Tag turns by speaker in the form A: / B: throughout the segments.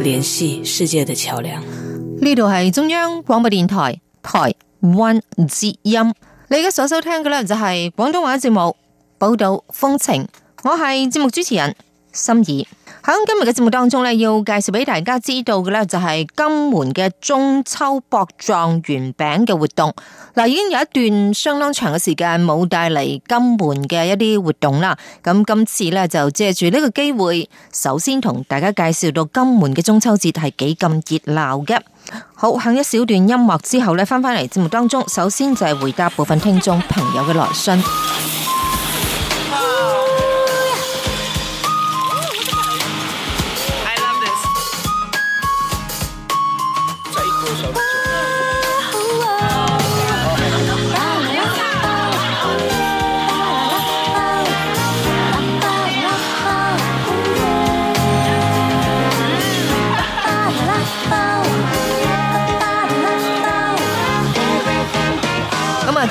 A: 聯繫世界的橋樑。
B: 呢度係中央廣播電台台灣之音，你而家所收聽嘅咧就係廣東話節目寶島風情，我係節目主持人。心意喺，今日嘅節目當中呢，要介紹俾大家知道嘅呢，就係金門嘅中秋博狀元餅嘅活動。嗱，已經有一段相當長嘅時間冇帶嚟金門嘅一啲活動啦。咁今次呢，就借住呢個機會，首先同大家介紹到金門嘅中秋節係幾咁熱鬧嘅。好，響一小段音樂之後呢，翻返嚟節目當中，首先就係回答部分聽眾朋友嘅來信。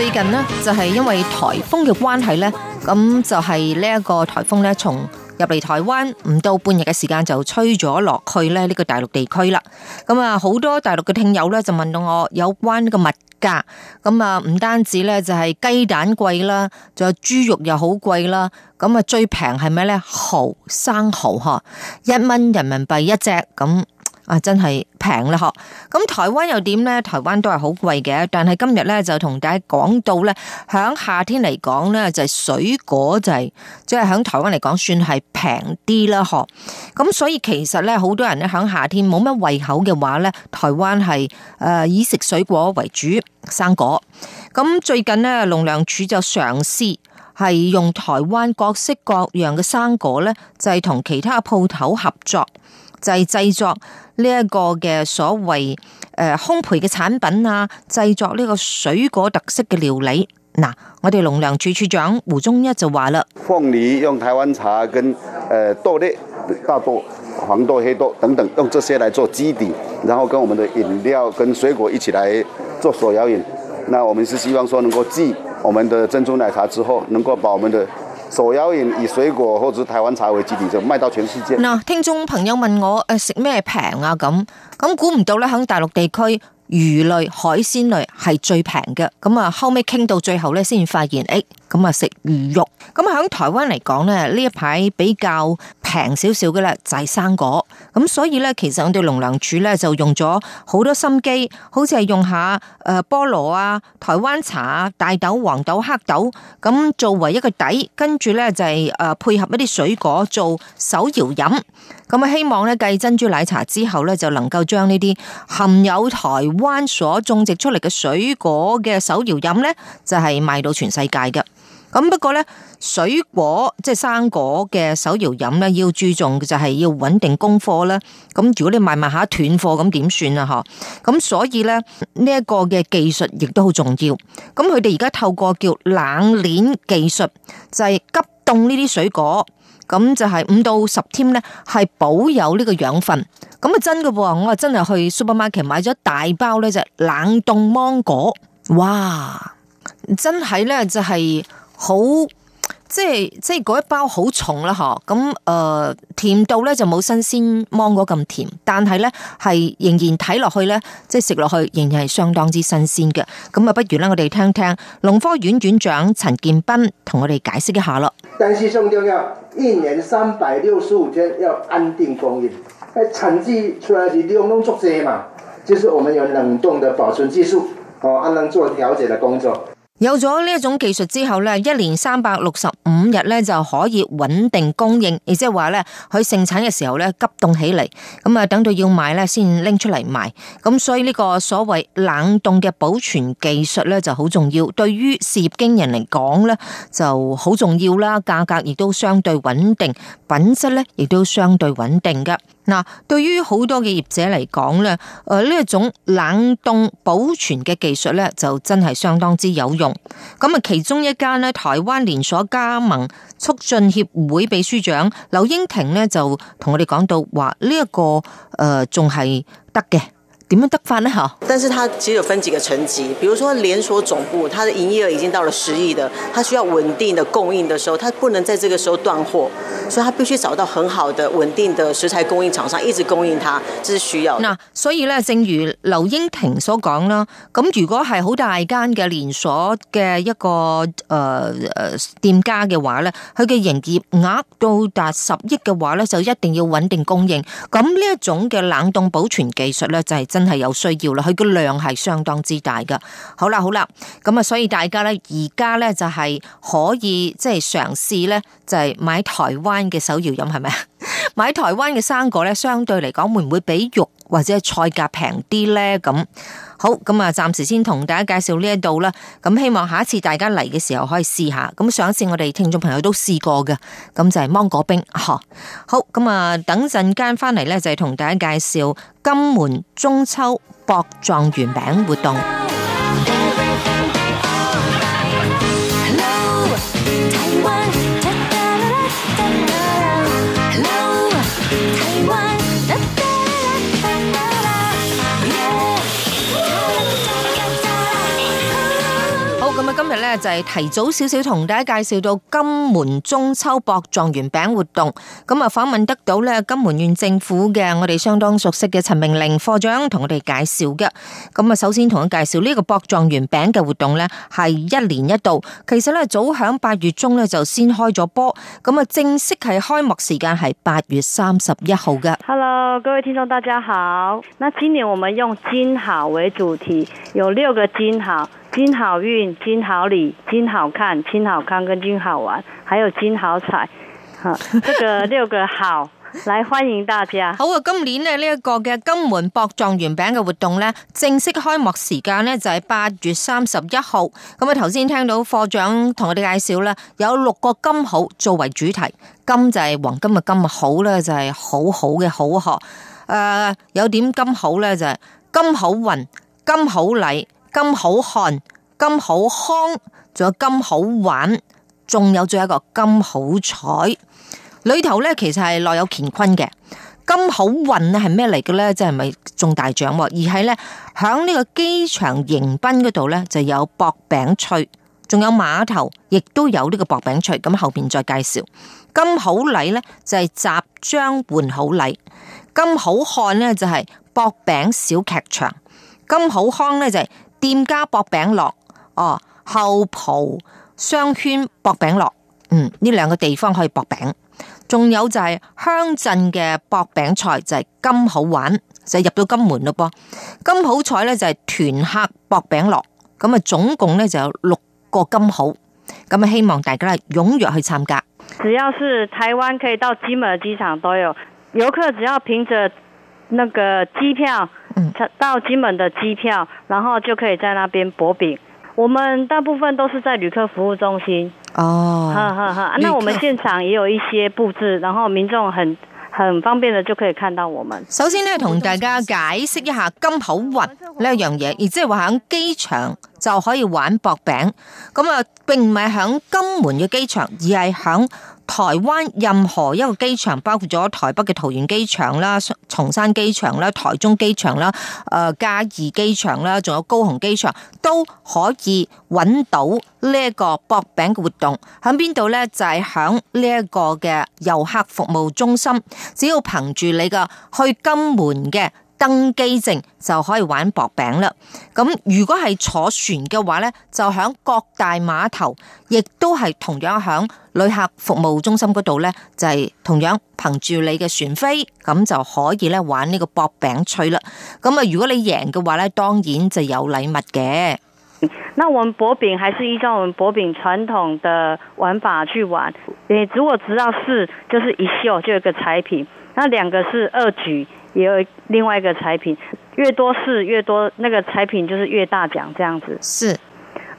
B: 最近呢，就係因為颱風嘅關係呢，咁就係呢一個台風呢從入嚟台灣唔到半日嘅時間就吹咗落去呢呢個大陸地區啦。咁啊好多大陸嘅聽友呢，就問到我有關呢個物價，咁啊唔單止呢，就係雞蛋貴啦，仲有豬肉又好貴啦。咁啊最平係咩呢？蠔生蠔吓，一蚊人民幣一隻咁。啊，真係平啦，嗬！咁台灣又點呢？台灣都係好貴嘅，但係今日咧就同大家講到咧，響夏天嚟講咧就係水果就係，即係響台灣嚟講算係平啲啦，嗬！咁所以其實咧，好多人咧響夏天冇乜胃口嘅話咧，台灣係誒以食水果為主，生果。咁最近咧，農糧署就嘗試係用台灣各式各樣嘅生果咧，就係同其他鋪頭合作。就係，是，製作呢一個嘅所謂誒，呃，烘焙嘅產品啊，製作呢個水果特色嘅料理。嗱，啊，我哋農糧處處長胡忠一就話啦，
A: 鳳梨用台灣茶跟誒豆類、大豆、黃豆、黑豆等等，用這些嚟做基底，然後跟我們的飲料跟水果一起嚟做手搖飲。那我們是希望說能夠繼我們的珍珠奶茶之後，能夠把我們的所有以水果或者台灣茶為基底，就賣到全世界。嗱，
B: 聽眾朋友問我，誒，食咩平啊？咁咁、啊、估唔到咧，喺大陸地區魚類、海鮮類係最平嘅。咁啊，後尾傾到最後咧，先發現，誒、欸，咁啊食魚肉。咁啊，喺台灣嚟講咧，呢一排比較。平少少嘅啦，就係生果，咁所以咧，其實我哋農糧署咧就用咗好多心機，好似係用下誒菠蘿啊、台灣茶啊、大豆、黃豆、黑豆咁作為一個底，跟住咧就係誒配合一啲水果做手搖飲，咁啊希望咧繼珍珠奶茶之後咧就能夠將呢啲含有台灣所種植出嚟嘅水果嘅手搖飲咧就係賣到全世界嘅。咁不過咧，水果即係生果嘅手搖飲咧，要注重嘅就係要穩定供貨啦。咁如果你賣賣下斷貨，咁點算啊？嗬！咁所以咧，呢一個嘅技術亦都好重要。咁佢哋而家透過叫冷鏈技術，就係急凍呢啲水果，咁就係五到十天咧係保有呢個養分。咁啊真噶，我啊真係去 supermarket 買咗大包咧，就係冷凍芒果，哇！真係咧就係。好即係即係嗰一包好重啦嗬，咁誒、呃、甜度咧就冇新鮮芒果咁甜，但係咧係仍然睇落去咧，即係食落去仍然係相當之新鮮嘅。咁啊，不如咧我哋聽聽農科院院長陳建斌同我哋解釋一下啦。
A: 但是最重
B: 要，一年三百六十五天要安定供應，誒，成績出來是用凍作濟嘛，就是我們有冷凍的保存技術，哦，還能做調節的工作。有咗呢一種技術之後咧，一年三百六十五日咧就可以穩定供應，亦即係話咧，佢盛產嘅時候咧急凍起嚟，咁啊等到要賣咧先拎出嚟賣，咁所以呢個所謂冷凍嘅保存技術咧就好重要，對於事業經人嚟講咧就好重要啦，價格亦都相對穩定，品質咧亦都相對穩定嘅。嗱，對於好多嘅業者嚟講咧，誒呢一種冷凍保存嘅技術咧，就真係相當之有用。咁啊，其中一間咧，台灣連鎖加盟促進協會秘書長劉英婷咧，就同我哋講到話呢一個誒仲係得嘅。點樣得翻呢？吓？
A: 但是它其實有分幾個層級，比如說連鎖總部，它的營業額已經到了十億的，它需要穩定的供應的時候，它不能在這個時候斷貨，所以它必須找到很好的穩定的食材供應廠商，一直供應它，這是需要。嗱，
B: 所以呢，正如劉英婷所講啦，咁如果係好大間嘅連鎖嘅一個誒誒、呃、店家嘅話呢，佢嘅營業額，額到達十億嘅話呢，就一定要穩定供應。咁呢一種嘅冷凍保存技術呢，就係、真真係有需要啦，佢個量係相當之大噶。好啦，好啦，咁啊，所以大家咧，而家咧就係可以即係嘗試咧，就係、是、買台灣嘅手搖飲，係咪啊？買台灣嘅生果咧，相對嚟講會唔會比肉？或者係菜價平啲呢？咁好咁啊！暫時先同大家介紹呢一度啦，咁希望下一次大家嚟嘅時候可以試下。咁上一次我哋聽眾朋友都試過嘅，咁就係芒果冰。啊、好，咁啊，等陣間翻嚟呢，就係同大家介紹金門中秋博狀元餅活動。就係提早少少同大家介紹到金門中秋博狀元餅活動，咁啊訪問得到咧金門縣政府嘅我哋相當熟悉嘅陳明玲科長同我哋介紹嘅，咁啊首先同佢介紹呢個博狀元餅嘅活動咧係一年一度，其實咧早響八月中咧就先開咗波，咁啊正式係開幕時間係八月三十一號嘅。
A: Hello，各位聽眾大家好，那今年我們用金好為主題，有六個金好。金好運、金好禮、金好看、金好康跟金好玩，還有金好彩，
B: 好， 這個六個好來歡迎大家。好啊，今年呢一個嘅金門博狀元餅嘅活動呢，正式開幕時間呢就係八月三十一號。咁啊，頭先聽到課長同我哋介紹呢，有六個金好作為主題，金就係黃金嘅金，好呢，就係好好嘅好，學誒，有點金好呢，就係金好運、金好禮。金好看、金好康，仲有金好玩，仲有最後一個金好彩。裏頭咧，其實係內有乾坤嘅。金好運咧係咩嚟嘅咧？即係咪中大獎？而係咧響呢個機場迎賓嗰度咧，就有博餅趣，仲有碼頭亦都有呢個博餅趣。咁後邊再介紹。金好禮咧就係集章換好禮。金好看咧就係博餅小劇場。金好康咧就係、是。店家博餅樂哦，後浦商圈博餅樂，嗯，呢兩個地方可以博餅。仲有就係鄉鎮嘅博餅賽就係、是、金好玩，就入到金門咯噃。金好彩咧就係團客博餅樂，咁啊總共咧就有六個金好，咁啊希望大家踴躍去參加。只要是
A: 台灣可以到金門機場都有遊客，只要憑着那個機票。嗯、到金門的機票，然後就可以在那邊博餅。我們大部分都是在旅客服務中心
B: 哦，哈哈，哈。那我們現場也有一些布置，然後民眾很很方便的就可以看到我們。首先呢，同大家解釋一下金好運呢一樣嘢，亦即係話喺機場。就可以玩博餅，咁啊並唔係喺金門嘅機場，而係喺台灣任何一個機場，包括咗台北嘅桃園機場啦、松山機場啦、台中機場啦、誒嘉義機場啦，仲有高雄機場都可以揾到呢一個博餅嘅活動。喺邊度呢？就係喺呢一個嘅遊客服務中心，只要憑住你嘅去金門嘅。登機證就可以玩博餅啦。咁如果係坐船嘅話呢，就喺各大碼頭，亦都係同樣喺旅客服務中心嗰度呢，就係、是、同樣憑住你嘅船飛，咁就可以咧玩呢個博餅趣啦。咁啊，如果你贏嘅話呢，當然就有禮物嘅。那我
A: 們博餅還是依照我們博餅傳統的玩法去玩。你如果知道是就是一秀就有個彩品，那兩個是二舉。也有另外一個產品，越多是越多，那個產品就是越大獎，這樣子。是，
B: 誒、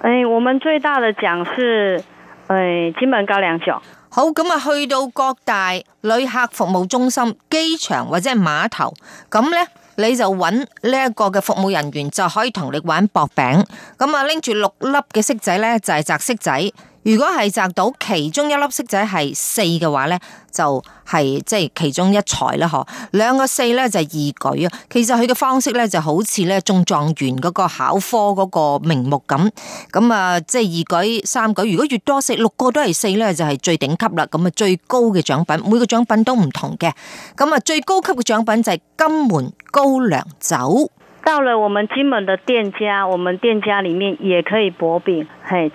B: 哎，我們最大的獎是誒，金門、哎、高粱酒。好，咁啊，去到各大旅客服務中心、機場或者碼頭，咁呢你就搵呢一個嘅服務人員就可以同你玩博餅。咁啊，拎住六粒嘅骰仔呢，就係擲骰仔。如果係摘到其中一粒色仔係四嘅話咧，就係、是、即係其中一才啦，嗬。兩個四咧就係二舉啊。其實佢嘅方式咧就好似咧中狀元嗰個考科嗰個名目咁。咁啊，即係二舉三舉，如果越多四，六個都係四咧，就係、是、最頂級啦。咁啊，最高嘅獎品，每個獎品都唔同嘅。咁啊，最高級嘅獎品就係金門高粱酒。
A: 到了我們金門的店家，我們店家裏面也可以博餅，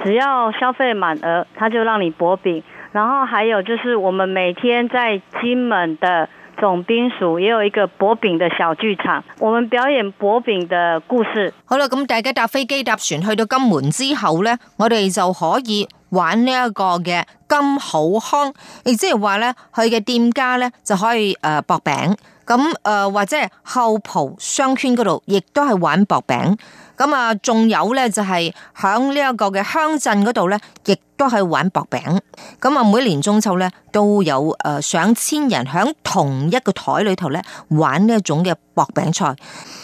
A: 只要消費滿額，他就讓你博餅。然後還有就是我們每天在金門的總兵署也有一個博餅的小劇場，
B: 我們表演博餅的故事。好啦，咁大家搭飛機搭船去到金門之後呢，我哋就可以玩呢一個嘅金好康，亦即係話呢，佢嘅店家呢就可以誒博餅。呃薄咁誒或者後浦商圈嗰度，亦都係玩博餅。咁啊，仲有咧就係喺呢一個嘅鄉鎮嗰度咧，亦都係玩博餅。咁啊，每年中秋咧都有誒上千人喺同一個台裏頭咧玩呢一種嘅博餅菜。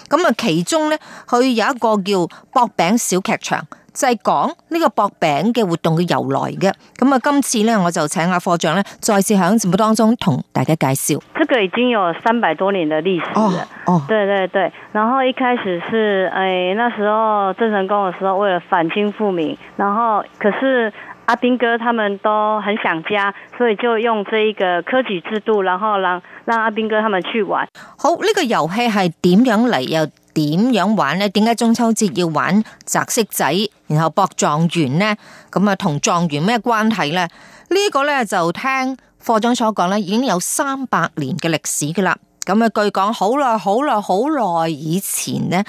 B: 咁啊，其中咧佢有一個叫博餅小劇場。就係講呢個薄餅嘅活動嘅由來嘅，咁啊今次呢我就請阿課長呢再次響節目當中同大家介紹。
A: 這個已經有三百多年嘅歷史了哦，哦，對對對，然後一開始是誒、哎，那時候鄭成功嘅時候為了反清復明，然後可是阿兵哥他們都很想家，所以就用
B: 這一個科舉制度，然後讓讓阿兵哥他們去玩。好，呢、這個遊戲係點樣嚟，又點樣玩呢？點解中秋節要玩摘色仔？然後博狀元呢？咁啊，同狀元咩關係呢？呢個呢，就聽課長所講呢已經有三百年嘅歷史噶啦。咁啊，據講好耐好耐好耐以前呢，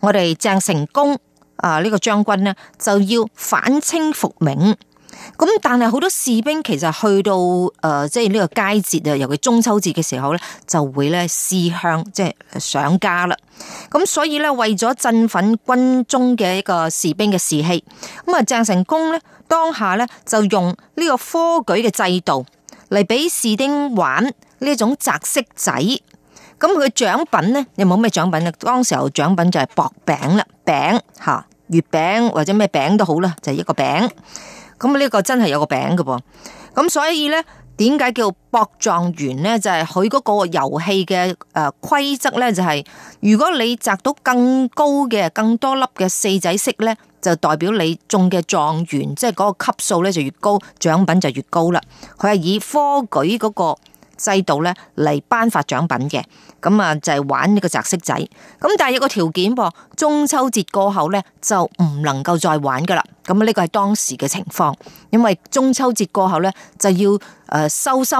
B: 我哋鄭成功啊呢個將軍呢，就要反清復明。咁但係好多士兵其實去到誒，即係呢個佳節啊，尤其中秋節嘅時候咧，就會咧思鄉，即係上家啦。咁所以咧，為咗振奮軍中嘅一個士兵嘅士氣，咁啊鄭成功咧當下咧就用呢個科舉嘅制度嚟俾士兵玩呢種擇色仔。咁佢嘅獎品咧有冇咩獎品啦，當時候獎品就係薄餅啦，餅吓，月餅或者咩餅都好啦，就係一個餅。咁呢個真係有個餅嘅噃，咁所以咧，點解叫博狀元咧？就係佢嗰個遊戲嘅誒規則咧，就係、是、如果你摘到更高嘅、更多粒嘅四仔色咧，就代表你中嘅狀元，即係嗰個級數咧就越高，獎品就越高啦。佢係以科舉嗰個制度咧嚟頒發獎品嘅。咁啊，就係玩呢個摘色仔。咁但係有個條件噃，中秋節過後咧就唔能夠再玩噶啦。咁、這、呢個係當時嘅情況，因為中秋節過後呢，就要誒收心，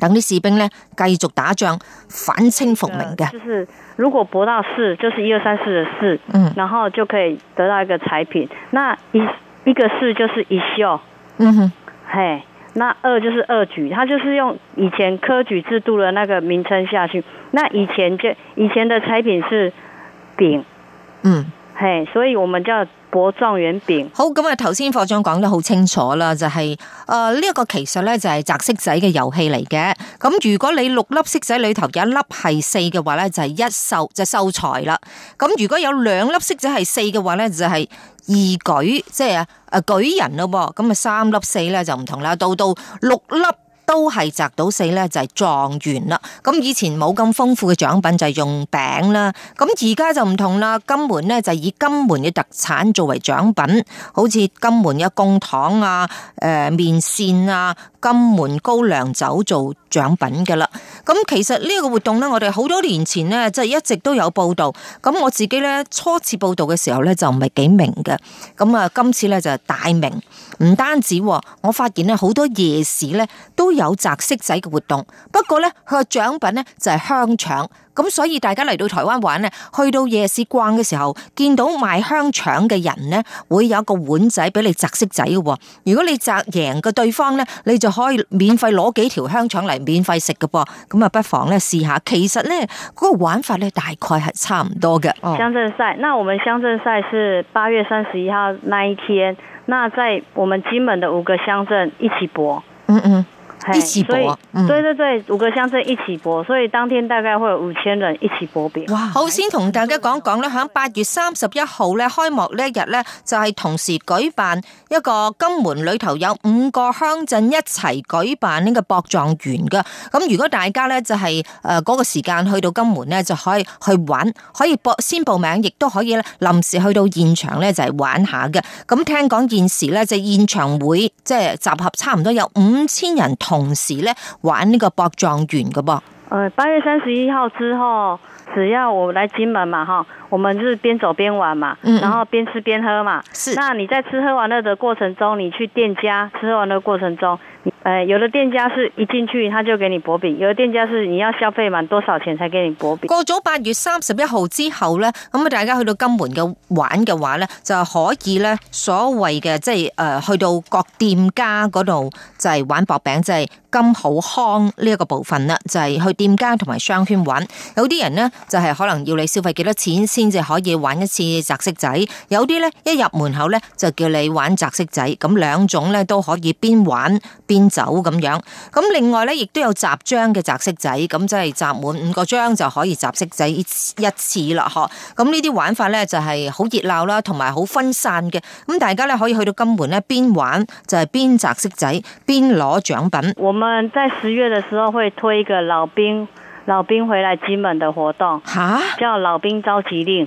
B: 等啲士兵呢繼續打仗反清復明嘅。就是如
A: 果博到四，就是一二三四嘅四，嗯，然後就可以得到一個彩品。那一一個四，就是一秀，嗯哼，係，那二就是二舉，他就是用以前科舉制度嘅那個名稱下去。那以前就以前嘅
B: 彩品是餅，
A: 嗯，
B: 係，所以我們叫。博狀元餅好，咁、嗯、啊，頭先課長講得好清楚啦，就係誒呢一個其實咧就係擇色仔嘅遊戲嚟嘅。咁、嗯、如果你六粒色仔裏頭有一粒係四嘅話咧，就係、是、一秀就是、秀才啦。咁、嗯、如果有兩粒色仔係四嘅話咧，就係、是、二舉即係誒舉人咯。咁、嗯、啊三粒四咧就唔同啦，到到六粒。都係摘到四咧，就係狀元啦。咁以前冇咁豐富嘅獎品就，就係用餅啦。咁而家就唔同啦，金門咧，就以金門嘅特產作為獎品，好似金門嘅貢糖啊、誒、呃、麵線啊。金門高粱酒做獎品㗎喇，咁其實呢個活動咧，我哋好多年前咧即係，一直都有報道，咁我自己咧初次報道嘅時候咧就唔係幾明嘅，咁啊今次咧就大明，唔單止，我發現咧好多夜市咧都有擲色仔嘅活動，不過咧佢個獎品咧就係香腸。咁所以大家嚟到台灣玩呢，去到夜市逛嘅時候，見到賣香腸嘅人呢，會有一個碗仔俾你擲骰仔嘅喎、哦。如果你擲贏嘅對方呢，你就可以免費攞幾條香腸嚟免費食嘅噃。咁啊，不妨呢試下。其實呢嗰、那個玩法呢，大概係差唔多嘅、哦。鄉
A: 鎮賽，那我們鄉鎮賽是八月三十一號那一天，那在我們金門的五個鄉鎮一起博。嗯嗯。
B: 一起博，對對對，五個鄉鎮一起博，所以當天大概會有五千人一起博餅。哇！好，先同大家講講咧，響八月三十一號咧開幕呢一日咧，就係同時舉辦一個金門裏頭有五個鄉鎮一齊舉辦呢個博狀元嘅，咁如果大家咧就係誒個時間去到金門咧，就可以去玩，可以博先報名，亦都可以咧臨時去到現場咧就係玩一下嘅。咁聽講現時咧就現場會即係集合差唔多有五千人同。同時咧玩呢個博狀元嘅噃，
A: 誒、呃，八月三十一號之後，只要我來金門嘛，哈，我們就是邊走邊玩嘛，嗯嗯，然後邊吃邊喝嘛，是。那你在吃喝玩樂的過程中，你去店家吃喝玩樂過程中。誒，有的店家是一
B: 進去他就給你博餅，有的店家是你要消費滿多少錢才給你博餅。過咗八月三十一號之後呢，咁啊大家去到金門嘅玩嘅話呢，就可以呢所謂嘅即係誒去到各店家嗰度就係玩博餅，就係金好康呢一個部分啦，就係去店家同埋商圈玩。有啲人呢，就係可能要你消費幾多錢先至可以玩一次擲色仔，有啲呢，一入門口呢，就叫你玩擲色仔，咁兩種呢，都可以邊玩邊。邊走咁樣，咁另外咧亦都有集章嘅擲色仔，咁即係集滿五個章就可以擲色仔一次啦，嗬！咁呢啲玩法咧就係好熱鬧啦，同埋好分散嘅，咁大家咧可以去到金門咧邊玩就係邊擲色仔邊攞獎品。我們在十月嘅時候會推一個老兵老兵回來金門的活動，
A: 叫老兵召集令。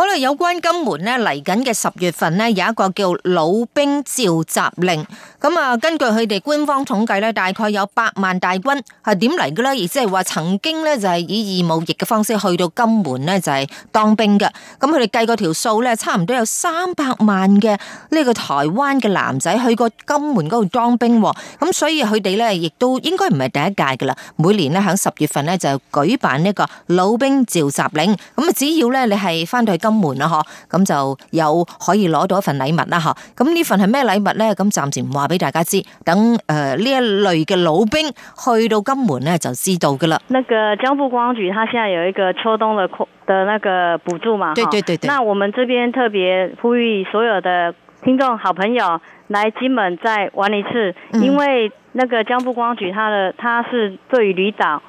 B: 可能有關金門呢，嚟緊嘅十月份呢，有一個叫老兵召集令。咁啊，根據佢哋官方統計呢，大概有八萬大軍係點嚟嘅呢？亦即係話曾經呢，就係以義務役嘅方式去到金門呢，就係當兵嘅。咁佢哋計過條數呢，差唔多有三百萬嘅呢個台灣嘅男仔去過金門嗰度當兵。咁所以佢哋呢，亦都應該唔係第一屆噶啦。每年呢，喺十月份呢，就舉辦呢個老兵召集令。咁啊，只要呢，你係翻到去金。金門啦嗬，咁就有可以攞到一份禮物啦吓，咁呢份係咩禮物咧？咁暫時唔話俾大家知，等誒呢、呃、一類嘅老兵去到金門咧就知道噶啦。那個
A: 江副光局，他現在有一個秋冬的的那個補助嘛，對，對對對。那我們這邊特別呼籲所有的聽眾好朋友來金門再玩一次，嗯、因為那個江副光局，他的他是對於旅長。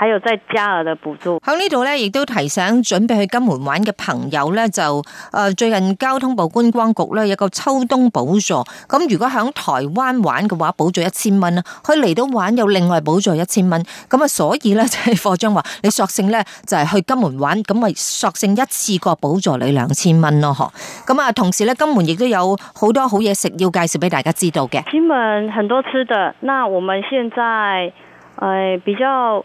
A: 還有再
B: 加額的補助。喺呢度咧，亦都提醒準備去金門玩嘅朋友咧，就誒最近交通部觀光局咧有個秋冬補助。咁如果喺台灣玩嘅話，補助一千蚊啦。佢嚟到玩又另外補助一千蚊。咁啊，所以咧就係課章話，你索性咧就係去金門玩，咁咪索性一次過補助你兩千蚊咯，嗬？咁啊，同時咧金門亦都有好多好嘢食要介紹俾大家知道嘅。金門
A: 很多吃的，那我們現在誒、呃、比較。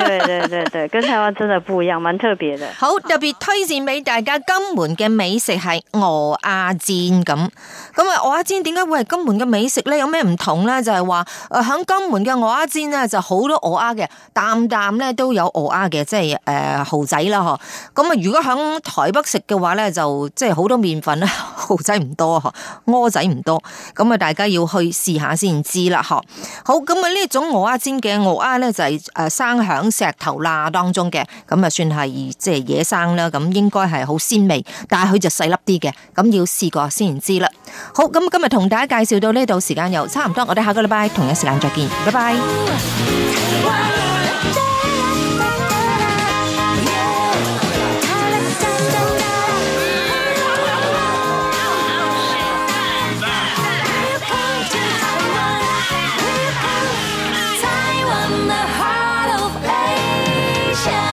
A: 對對對對，跟台灣真的不一
B: 樣，蠻特別的。好特別推薦俾大家，金門嘅美食係蚵仔煎咁。咁啊，蚵仔煎點解會係金門嘅美食咧？有咩唔同咧？就係、是呃啊啊啊呃、話，誒，響金門嘅蚵仔煎咧，就好多蚵仔嘅，啖啖咧都有蚵仔嘅，即係誒蚝仔啦嗬。咁啊，如果響台北食嘅話咧，就即係好多麵粉啦，蚝仔唔多嗬，蚵仔唔多。咁啊，大家要去試下先知啦，嗬。好，咁啊呢種蚵仔煎嘅蚵仔咧就係、是、誒、呃、生響。石頭啦當中嘅，咁啊算係即係野生啦，咁應該係好鮮味，但係佢就細粒啲嘅，咁要試過先知啦。好，咁今日同大家介紹到呢度，時間又差唔多，我哋下個禮拜同一時間再見，拜拜。